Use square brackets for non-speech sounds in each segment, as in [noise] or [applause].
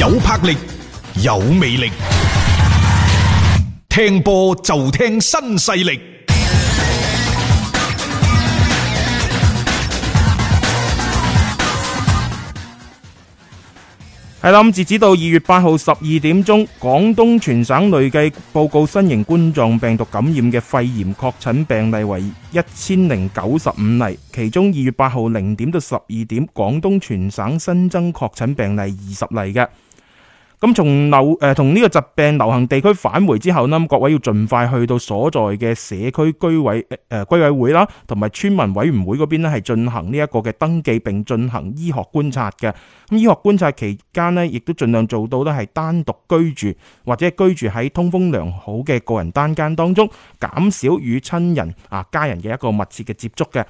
有魄力，有魅力，聽波就聽新勢力。係啦，截止到二月八號十二點鐘，廣東全省累計報告新型冠狀病毒感染嘅肺炎確診病例為一千零九十五例，其中二月八號零點到十二點，廣東全省新增確診病例二十例嘅。咁從流誒同呢個疾病流行地區返回之後呢，各位要盡快去到所在嘅社區居委誒誒、呃、居委會啦，同埋村民委員會嗰邊呢係進行呢一個嘅登記，並進行醫學觀察嘅。咁醫學觀察期間呢，亦都盡量做到咧係單獨居住或者居住喺通風良好嘅個人單間當中，減少與親人啊、家人嘅一個密切嘅接觸嘅。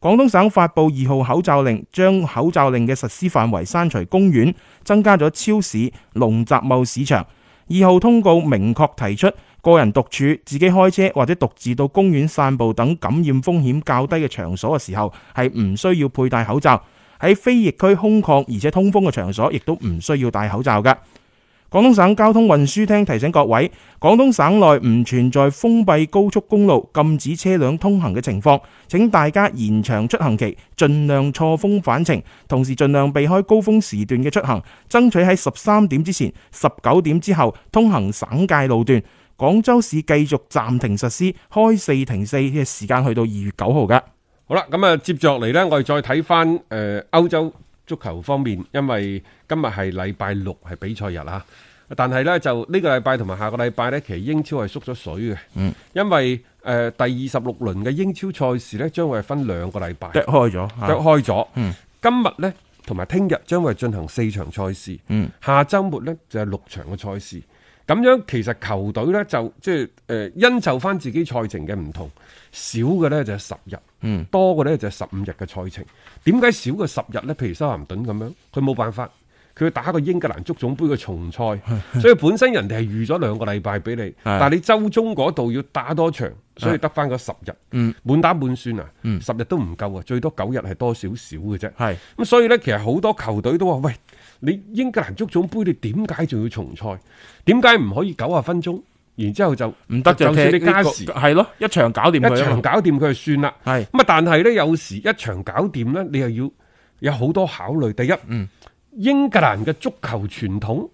廣東省發布二號口罩令，將口罩令嘅實施範圍刪除公園，增加咗超市、農集貿市場。二號通告明確提出，個人獨處、自己開車或者獨自到公園散步等感染風險較低嘅場所嘅時候，係唔需要佩戴口罩；喺非疫區空曠而且通風嘅場所，亦都唔需要戴口罩㗎。廣東省交通運輸廳提醒各位，廣東省內唔存在封閉高速公路禁止車輛通行嘅情況，請大家延長出行期，盡量錯峰返程，同時盡量避開高峰時段嘅出行，爭取喺十三點之前、十九點之後通行省界路段。廣州市繼續暫停實施開四停四嘅時間，去到二月九號㗎。好啦，咁啊，接著嚟呢，我哋再睇翻誒歐洲。足球方面，因為今日係禮拜六係比賽日哈，但係呢，就呢個禮拜同埋下個禮拜呢，其實英超係縮咗水嘅，嗯、因為誒、呃、第二十六輪嘅英超賽事呢，將會係分兩個禮拜踢開咗，啊、踢開咗。嗯、今日呢，同埋聽日將會進行四場賽事，嗯、下周末呢，就係、係、六場嘅賽事。咁樣其實球隊呢，就即係誒，因就翻自己賽程嘅唔同，少嘅呢就十日，嗯，多嘅呢就十五日嘅賽程。點解少嘅十日呢？譬如修咸頓咁樣，佢冇辦法，佢要打個英格蘭足總杯嘅重賽，所以本身人哋係預咗兩個禮拜俾你，但係你周中嗰度要打多場，所以得翻個十日，嗯，滿打滿算啊，嗯、十日都唔夠啊，最多九日係多少少嘅啫，係是。咁所以呢，其實好多球隊都話喂。你英格蘭足總杯，你點解仲要重賽？點解唔可以九啊分鐘？然之後就唔得行就踢加時，係咯、這個，這個、一場搞掂，一場搞掂佢就算啦。係咁啊！但係咧，有時一場搞掂咧，你又要有好多考慮。第一，嗯、英格蘭嘅足球傳統。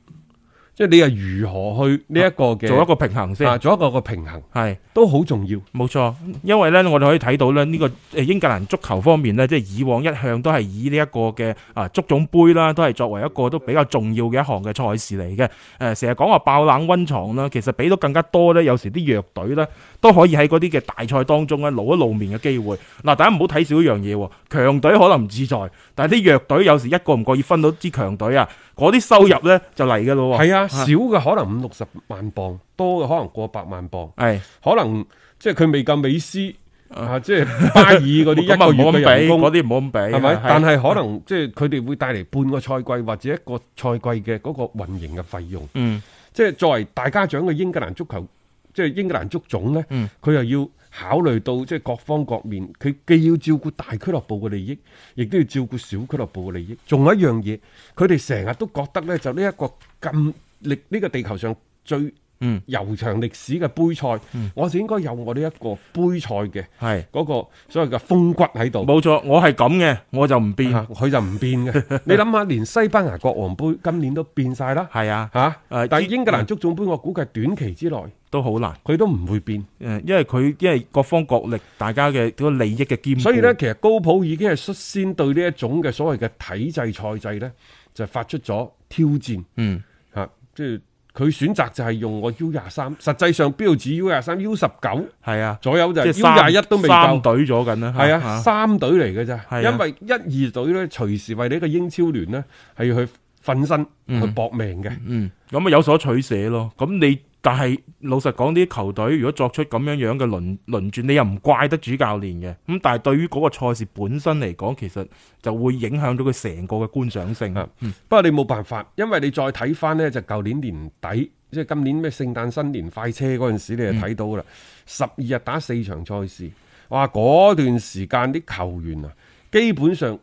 即係你又如何去呢一個嘅做一個平衡先啊？做一個個平衡係都好重要，冇錯。因為呢，我哋可以睇到咧，呢個誒英格蘭足球方面呢，即係以往一向都係以呢一個嘅啊足總盃啦，都係作為一個都比較重要嘅一項嘅賽事嚟嘅。誒，成日講話爆冷溫床啦，其實俾到更加多呢，有時啲弱隊咧都可以喺嗰啲嘅大賽當中咧露一露面嘅機會。嗱，大家唔好睇少一樣嘢，強隊可能唔自在，但係啲弱隊有時一個唔覺意分到支強隊啊！嗰啲收入咧就嚟噶咯喎，係啊，少嘅、啊、可能五六十萬磅，多嘅可能過百萬磅，係、啊，可能即係佢未夠美斯啊，啊，即係巴爾嗰啲一個月嘅人工，嗰啲唔好咁畀，係咪？吧啊啊、但係可能即係佢哋會帶嚟半個賽季或者一個賽季嘅嗰個運營嘅費用，嗯，即係作為大家長嘅英格蘭足球，即係英格蘭足總咧，佢又、嗯、要。考慮到即係各方各面，佢既要照顧大俱樂部嘅利益，亦都要照顧小俱樂部嘅利益。仲有一樣嘢，佢哋成日都覺得咧，就呢一個咁力，呢個地球上最，嗯，悠長歷史嘅杯賽，我就應該有我呢一個杯賽嘅係嗰個所謂嘅風骨喺度。冇錯，我係咁嘅，我就唔變，佢就唔變嘅。你諗下，連西班牙國王杯今年都變晒啦。係啊，吓，但係英格蘭足總杯，我估計短期之內都好難，佢都唔會變。因為佢因為各方角力，大家嘅利益嘅兼顧。所以呢，其實高普已經係率先對呢一種嘅所謂嘅體制賽制呢，就發出咗挑戰。嗯，吓，即係。佢選擇就係用我 U 廿三，實際上標指 U 廿三、U 十九，係啊，左右就 U 廿一、啊、都未夠，隊咗緊啦，係啊，啊啊三隊嚟嘅啫，啊、因為一、二隊咧隨時為你一個英超聯呢，係要去瞓身、嗯、去搏命嘅，咁啊、嗯嗯、有所取捨咯，咁你。但係老實講，啲球隊如果作出咁樣樣嘅輪輪轉，你又唔怪得主教練嘅。咁但係對於嗰個賽事本身嚟講，其實就會影響到佢成個嘅觀賞性啊。係嘅，嗯、不過你冇辦法，因為你再睇翻，呢就舊年年底，即係今年咩聖誕新年快車嗰陣時，你就睇到啦。十二日打四場賽事，哇！嗰段時間啲球員啊，基本上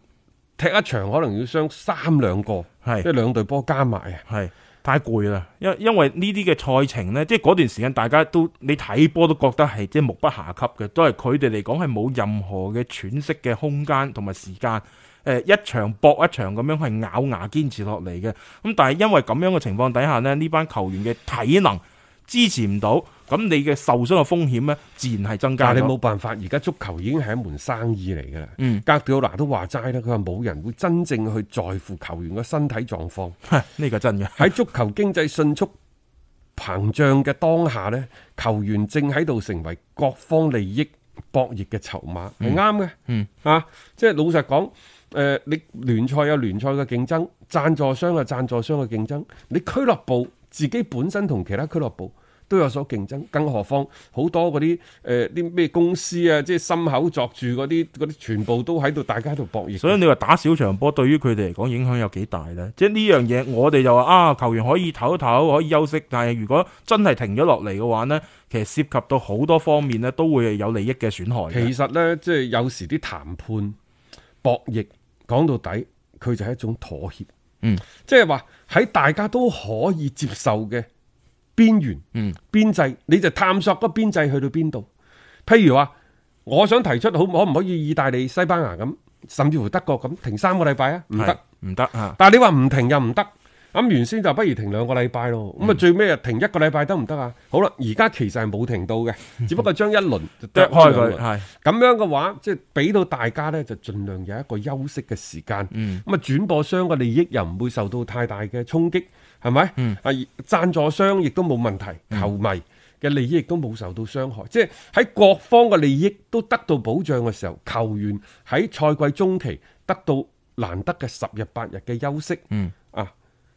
踢一場可能要傷三兩個，係即係兩隊波加埋啊，係。太攰啦，因因為呢啲嘅賽程呢，即係嗰段時間大家都你睇波都覺得係即係目不暇給嘅，都係佢哋嚟講係冇任何嘅喘息嘅空間同埋時間，誒一場搏一場咁樣係咬牙堅持落嚟嘅。咁但係因為咁樣嘅情況底下呢，呢班球員嘅體能。支持唔到，咁你嘅受傷嘅風險呢，自然係增加。但係你冇辦法，而家足球已經係一門生意嚟嘅啦。哥迪奧拿都話齋啦，佢話冇人會真正去在乎球員嘅身體狀況。呢個真嘅喺足球經濟迅速膨脹嘅當下呢，球員正喺度成為各方利益博弈嘅籌碼，係啱嘅。嗯，啊，即係老實講，誒，你聯賽有聯賽嘅競爭，贊助商有贊助商嘅競爭，你俱樂部自己本身同其他俱樂部都有所競爭，更何況好多嗰啲誒啲咩公司啊，即係心口作住嗰啲啲，全部都喺度，大家喺度博弈。所以你話打少場波，對於佢哋嚟講影響有幾大呢？即係呢樣嘢，我哋就話啊，球員可以唞一唞，可以休息。但係如果真係停咗落嚟嘅話呢，其實涉及到好多方面呢，都會有利益嘅損害。其實呢，即係有時啲談判博弈講到底，佢就係一種妥協。嗯，即係話喺大家都可以接受嘅邊緣，邊緣，嗯，邊際，你就探索個邊際去到邊度？譬如話，我想提出好，可唔可以意大利、西班牙咁，甚至乎德國咁停三個禮拜啊？唔得，唔得啊！但係你話唔停又唔得，咁原先就不如停兩個禮拜咯。咁啊，最尾啊，停一個禮拜得唔得啊？好啦，而家其實係冇停到嘅，只不過將一輪就趯開佢，係咁 [laughs] [laughs] 樣嘅話，即係俾到大家呢，就盡量有一個休息嘅時間。嗯，咁啊，轉播商嘅利益又唔會受到太大嘅衝擊。係咪？啊，嗯、贊助商亦都冇問題，球迷嘅利益亦都冇受到傷害，嗯、即係喺各方嘅利益都得到保障嘅時候，球員喺賽季中期得到難得嘅十日八日嘅休息、嗯、啊，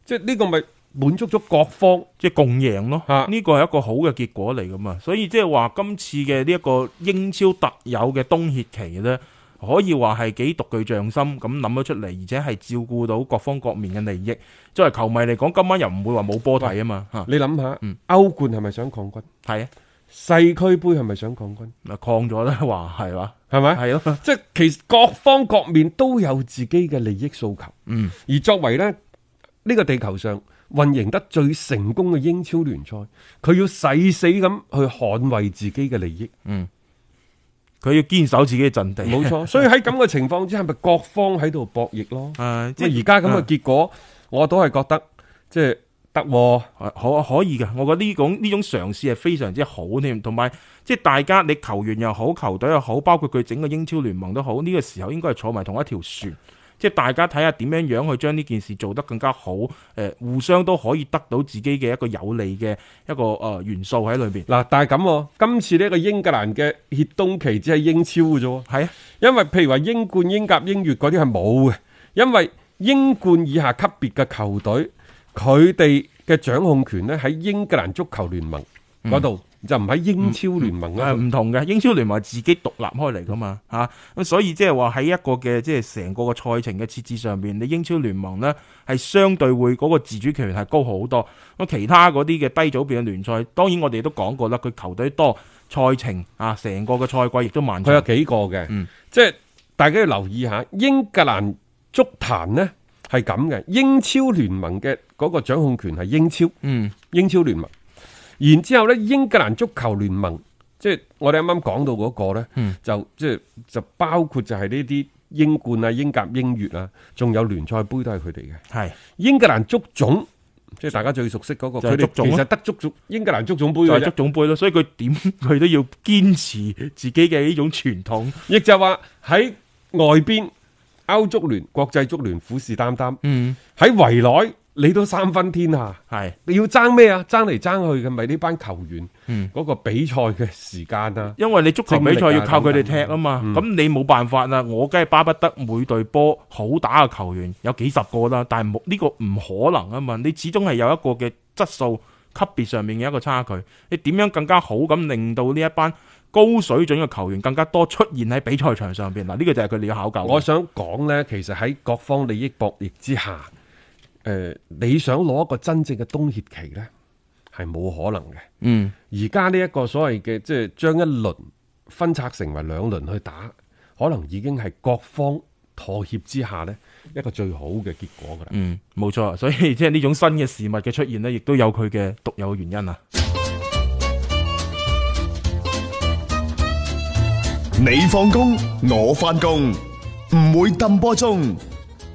即係呢個咪滿足咗各方即係共贏咯。呢個係一個好嘅結果嚟㗎嘛，所以即係話今次嘅呢一個英超特有嘅冬歇期咧。可以話係幾獨具匠心咁諗咗出嚟，而且係照顧到各方各面嘅利益。作為球迷嚟講，今晚又唔會話冇波睇啊嘛！吓，你諗下，歐、嗯、冠係咪想擴軍？係啊，世俱杯係咪想擴軍？咪擴咗啦，話係嘛？係咪、啊？係咯吧，啊、即係其實各方各面都有自己嘅利益訴求。嗯，而作為咧呢、這個地球上運營得最成功嘅英超聯賽，佢要誓死咁去捍衛自己嘅利益。嗯。佢要堅守自己嘅陣地，冇錯。所以喺咁嘅情況之下，咪 [laughs] 各方喺度博弈咯。咁而家咁嘅結果，啊、我都係覺得即係得，可可以嘅。我覺得呢種呢種嘗試係非常之好添，同埋即係大家你球員又好，球隊又好，包括佢整個英超聯盟都好，呢、呢個時候應該係坐埋同一條船。即係大家睇下點樣樣去將呢件事做得更加好，誒、呃，互相都可以得到自己嘅一個有利嘅一個誒元素喺裏邊。嗱，但係咁，今次呢個英格蘭嘅歇冬期只係英超嘅啫。係啊，因為譬如話英冠、英甲、英乙嗰啲係冇嘅，因為英冠以下級別嘅球隊，佢哋嘅掌控權呢喺英格蘭足球聯盟嗰度。嗯就唔喺英超聯盟、嗯嗯、啊，唔同嘅。英超聯盟係自己獨立開嚟噶嘛，吓、啊、咁所以即係話喺一個嘅即係成個嘅賽程嘅設置上邊，你英超聯盟呢係相對會嗰個自主權係高好多。咁其他嗰啲嘅低組別嘅聯賽，當然我哋都講過啦，佢球隊多，賽程啊，成個嘅賽季亦都慢。佢有幾個嘅，嗯、即係大家要留意下，英格蘭足壇呢係咁嘅，英超聯盟嘅嗰個掌控權係英超，嗯，英超聯盟。然之後咧，英格蘭足球聯盟，即係我哋啱啱講到嗰、那個咧，嗯、就即係就包括就係呢啲英冠啊、英甲英越、英乙啊，仲有聯賽盃都係佢哋嘅。係是英格蘭足總，即係大家最熟悉嗰、那個，佢哋其實得足總，英格蘭足總盃啊，足總盃咯，所以佢點佢都要堅持自己嘅呢種傳統，亦 [laughs] 就係話喺外邊歐足聯、國際足聯虎視眈眈，喺圍內。嗯你都三分天下，係是你要爭咩啊？爭嚟爭去嘅咪呢班球員，嗰個比賽嘅時間啦。嗯、因為你足球比賽要靠佢哋踢啊嘛，咁、嗯嗯、你冇辦法啦。我梗係巴不得每隊波好打嘅球員有幾十個啦，但係冇呢個唔可能啊嘛。你始終係有一個嘅質素級別上面嘅一個差距。你點樣更加好咁令到呢一班高水準嘅球員更加多出現喺比賽場上邊嗱？呢、嗯嗯、個就係佢哋嘅考究。我想講呢，其實喺各方利益博弈之下。誒、呃，你想攞一個真正嘅冬歇期咧，係冇可能嘅。嗯，而家呢一個所謂嘅即係將一輪分拆成為兩輪去打，可能已經係各方妥協之下咧，一個最好嘅結果噶啦。嗯，冇錯，所以即係呢種新嘅事物嘅出現咧，亦都有佢嘅獨有原因啊。你放工，我翻工，唔會氹波鐘。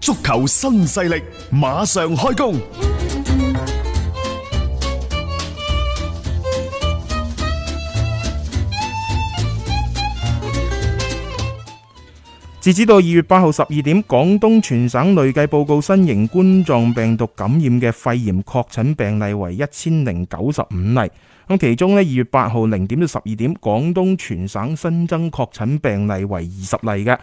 足球新勢力馬上開工。截止到二月八號十二點，廣東全省累計報告新型冠狀病毒感染嘅肺炎確診病例為一千零九十五例。咁其中呢，二月八號零點到十二點，廣東全省新增確診病例為二十例嘅。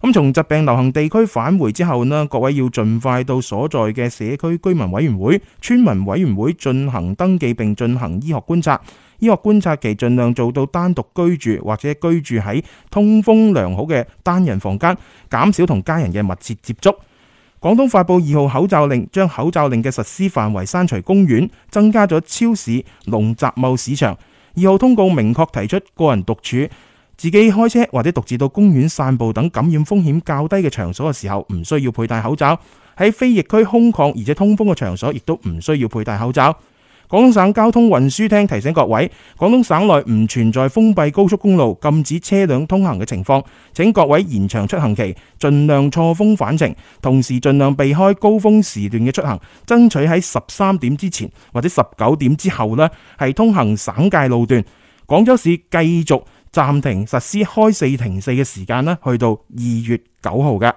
咁從疾病流行地區返回之後呢，各位要盡快到所在嘅社區居民委員會、村民委員會進行登記並進行醫學觀察。醫學觀察期盡量做到單獨居住或者居住喺通風良好嘅單人房間，減少同家人嘅密切接觸。廣東發布二號口罩令，將口罩令嘅實施範圍刪除公園，增加咗超市、農集貿市場。二號通告明確提出個人獨處。自己開車或者獨自到公園散步等感染風險較低嘅場所嘅時候，唔需要佩戴口罩。喺非疫區空曠而且通風嘅場所，亦都唔需要佩戴口罩。廣東省交通運輸廳提醒各位，廣東省內唔存在封閉高速公路禁止車輛通行嘅情況。請各位延長出行期，盡量錯峰返程，同時盡量避開高峰時段嘅出行，爭取喺十三點之前或者十九點之後呢，係通行省界路段。廣州市繼續。暫停實施開四停四嘅時間咧，去到二月九號嘅。